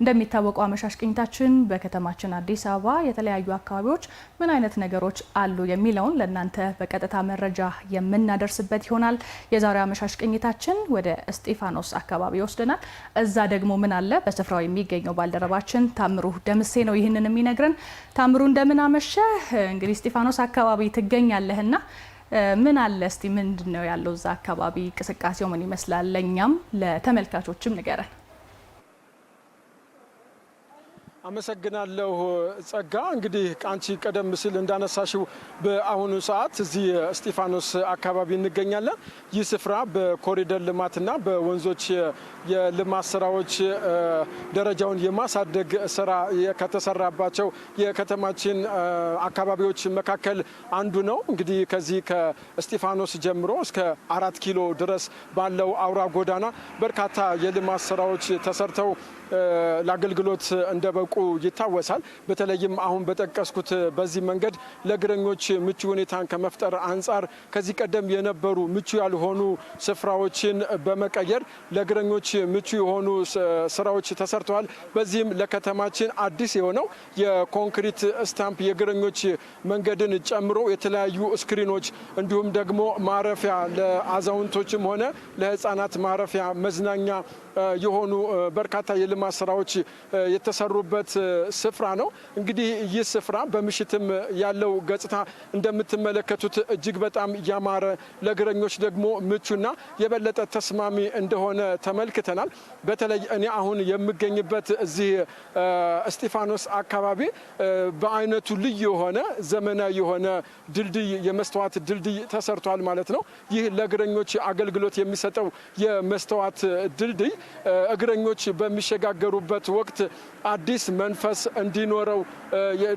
እንደሚታወቀው አመሻሽ ቅኝታችን በከተማችን አዲስ አበባ የተለያዩ አካባቢዎች ምን አይነት ነገሮች አሉ የሚለውን ለእናንተ በቀጥታ መረጃ የምናደርስበት ይሆናል። የዛሬው አመሻሽ ቅኝታችን ወደ እስጢፋኖስ አካባቢ ይወስደናል። እዛ ደግሞ ምን አለ? በስፍራው የሚገኘው ባልደረባችን ታምሩ ደምሴ ነው ይህንን የሚነግረን። ታምሩ እንደምን አመሸ? እንግዲህ እስጢፋኖስ አካባቢ ትገኛለህና ምን አለ እስቲ ምንድን ነው ያለው እዛ አካባቢ? እንቅስቃሴው ምን ይመስላል? ለእኛም ለተመልካቾችም ንገረን። አመሰግናለሁ ጸጋ። እንግዲህ ቃንቺ ቀደም ሲል እንዳነሳሽው በአሁኑ ሰዓት እዚህ እስጢፋኖስ አካባቢ እንገኛለን። ይህ ስፍራ በኮሪደር ልማትና በወንዞች የልማት ስራዎች ደረጃውን የማሳደግ ስራ ከተሰራባቸው የከተማችን አካባቢዎች መካከል አንዱ ነው። እንግዲህ ከዚህ ከእስጢፋኖስ ጀምሮ እስከ አራት ኪሎ ድረስ ባለው አውራ ጎዳና በርካታ የልማት ስራዎች ተሰርተው ለአገልግሎት እንደበቁ ይታወሳል። በተለይም አሁን በጠቀስኩት በዚህ መንገድ ለእግረኞች ምቹ ሁኔታን ከመፍጠር አንጻር ከዚህ ቀደም የነበሩ ምቹ ያልሆኑ ስፍራዎችን በመቀየር ለእግረኞች ምቹ የሆኑ ስራዎች ተሰርተዋል። በዚህም ለከተማችን አዲስ የሆነው የኮንክሪት ስታምፕ የእግረኞች መንገድን ጨምሮ የተለያዩ ስክሪኖች እንዲሁም ደግሞ ማረፊያ ለአዛውንቶችም ሆነ ለህፃናት ማረፊያ መዝናኛ የሆኑ በርካታ የልማት ስራዎች የተሰሩበት የሚገኝበት ስፍራ ነው። እንግዲህ ይህ ስፍራ በምሽትም ያለው ገጽታ እንደምትመለከቱት እጅግ በጣም ያማረ ለእግረኞች ደግሞ ምቹና የበለጠ ተስማሚ እንደሆነ ተመልክተናል። በተለይ እኔ አሁን የምገኝበት እዚህ እስጢፋኖስ አካባቢ በአይነቱ ልዩ የሆነ ዘመናዊ የሆነ ድልድይ የመስተዋት ድልድይ ተሰርቷል ማለት ነው። ይህ ለእግረኞች አገልግሎት የሚሰጠው የመስተዋት ድልድይ እግረኞች በሚሸጋገሩበት ወቅት አዲስ መንፈስ እንዲኖረው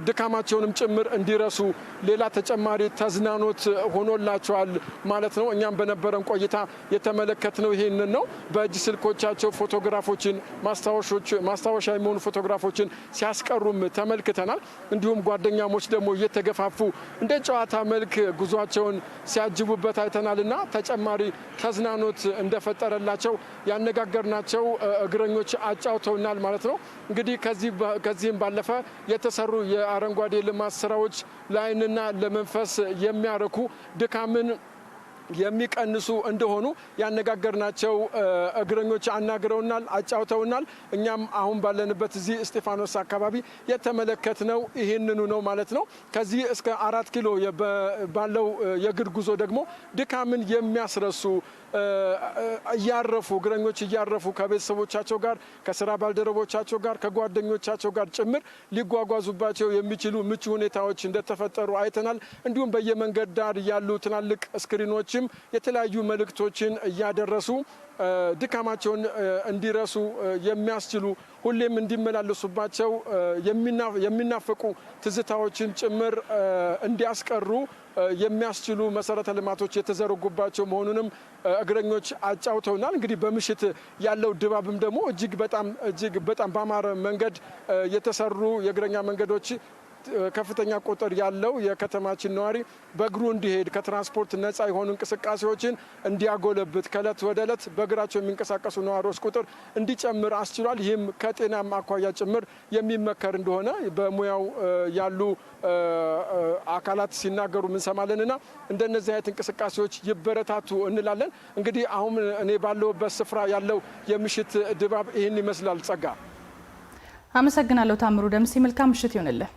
ድካማቸውንም ጭምር እንዲረሱ ሌላ ተጨማሪ ተዝናኖት ሆኖላቸዋል ማለት ነው። እኛም በነበረን ቆይታ የተመለከትነው ይህንን ነው። በእጅ ስልኮቻቸው ፎቶግራፎችን ማስታወሻ የሚሆኑ ፎቶግራፎችን ሲያስቀሩም ተመልክተናል። እንዲሁም ጓደኛሞች ደግሞ እየተገፋፉ እንደ ጨዋታ መልክ ጉዟቸውን ሲያጅቡበት አይተናል እና ተጨማሪ ተዝናኖት እንደፈጠረላቸው ያነጋገርናቸው እግረኞች አጫውተውናል ማለት ነው። እንግዲህ ከዚህ ከዚህም ባለፈ የተሰሩ የአረንጓዴ ልማት ስራዎች ለአይንና ለመንፈስ የሚያረኩ ድካምን የሚቀንሱ እንደሆኑ ያነጋገርናቸው እግረኞች አናግረውናል፣ አጫውተውናል። እኛም አሁን ባለንበት እዚህ እስጢፋኖስ አካባቢ የተመለከትነው ይህንኑ ነው ማለት ነው። ከዚህ እስከ አራት ኪሎ ባለው የእግር ጉዞ ደግሞ ድካምን የሚያስረሱ እያረፉ እግረኞች እያረፉ ከቤተሰቦቻቸው ጋር ከስራ ባልደረቦቻቸው ጋር ከጓደኞቻቸው ጋር ጭምር ሊጓጓዙባቸው የሚችሉ ምቹ ሁኔታዎች እንደተፈጠሩ አይተናል። እንዲሁም በየመንገድ ዳር ያሉ ትላልቅ ስክሪኖች ሰዎችም የተለያዩ መልእክቶችን እያደረሱ ድካማቸውን እንዲረሱ የሚያስችሉ ሁሌም እንዲመላለሱባቸው የሚናፈቁ ትዝታዎችን ጭምር እንዲያስቀሩ የሚያስችሉ መሰረተ ልማቶች የተዘረጉባቸው መሆኑንም እግረኞች አጫውተውናል። እንግዲህ በምሽት ያለው ድባብም ደግሞ እጅግ በጣም እጅግ በጣም በአማረ መንገድ የተሰሩ የእግረኛ መንገዶች ከፍተኛ ቁጥር ያለው የከተማችን ነዋሪ በእግሩ እንዲሄድ ከትራንስፖርት ነፃ የሆኑ እንቅስቃሴዎችን እንዲያጎለብት ከእለት ወደ እለት በእግራቸው የሚንቀሳቀሱ ነዋሪዎች ቁጥር እንዲጨምር አስችሏል። ይህም ከጤና አኳያ ጭምር የሚመከር እንደሆነ በሙያው ያሉ አካላት ሲናገሩ ምንሰማለን እና እንደነዚህ አይነት እንቅስቃሴዎች ይበረታቱ እንላለን። እንግዲህ አሁን እኔ ባለሁበት ስፍራ ያለው የምሽት ድባብ ይህን ይመስላል። ጸጋ አመሰግናለሁ። ታምሩ ደምሴ መልካም ምሽት ይሆንልህ።